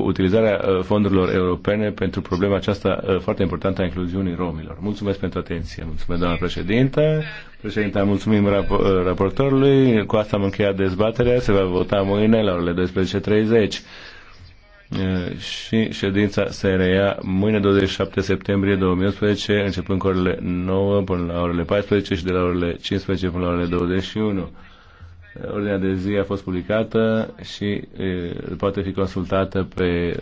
cu utilizarea uh, fondurilor europene pentru problema aceasta uh, foarte importantă a incluziunii romilor. Mulțumesc pentru atenție. Mulțumesc, doamna președinte Președinte, mulțumim rap- uh, raportorului. Cu asta am încheiat dezbaterea. Se va vota mâine la orele 12.30 și ședința se reia mâine 27 septembrie 2011, începând cu orele 9 până la orele 14 și de la orele 15 până la orele 21. Ordinea de zi a fost publicată și poate fi consultată pe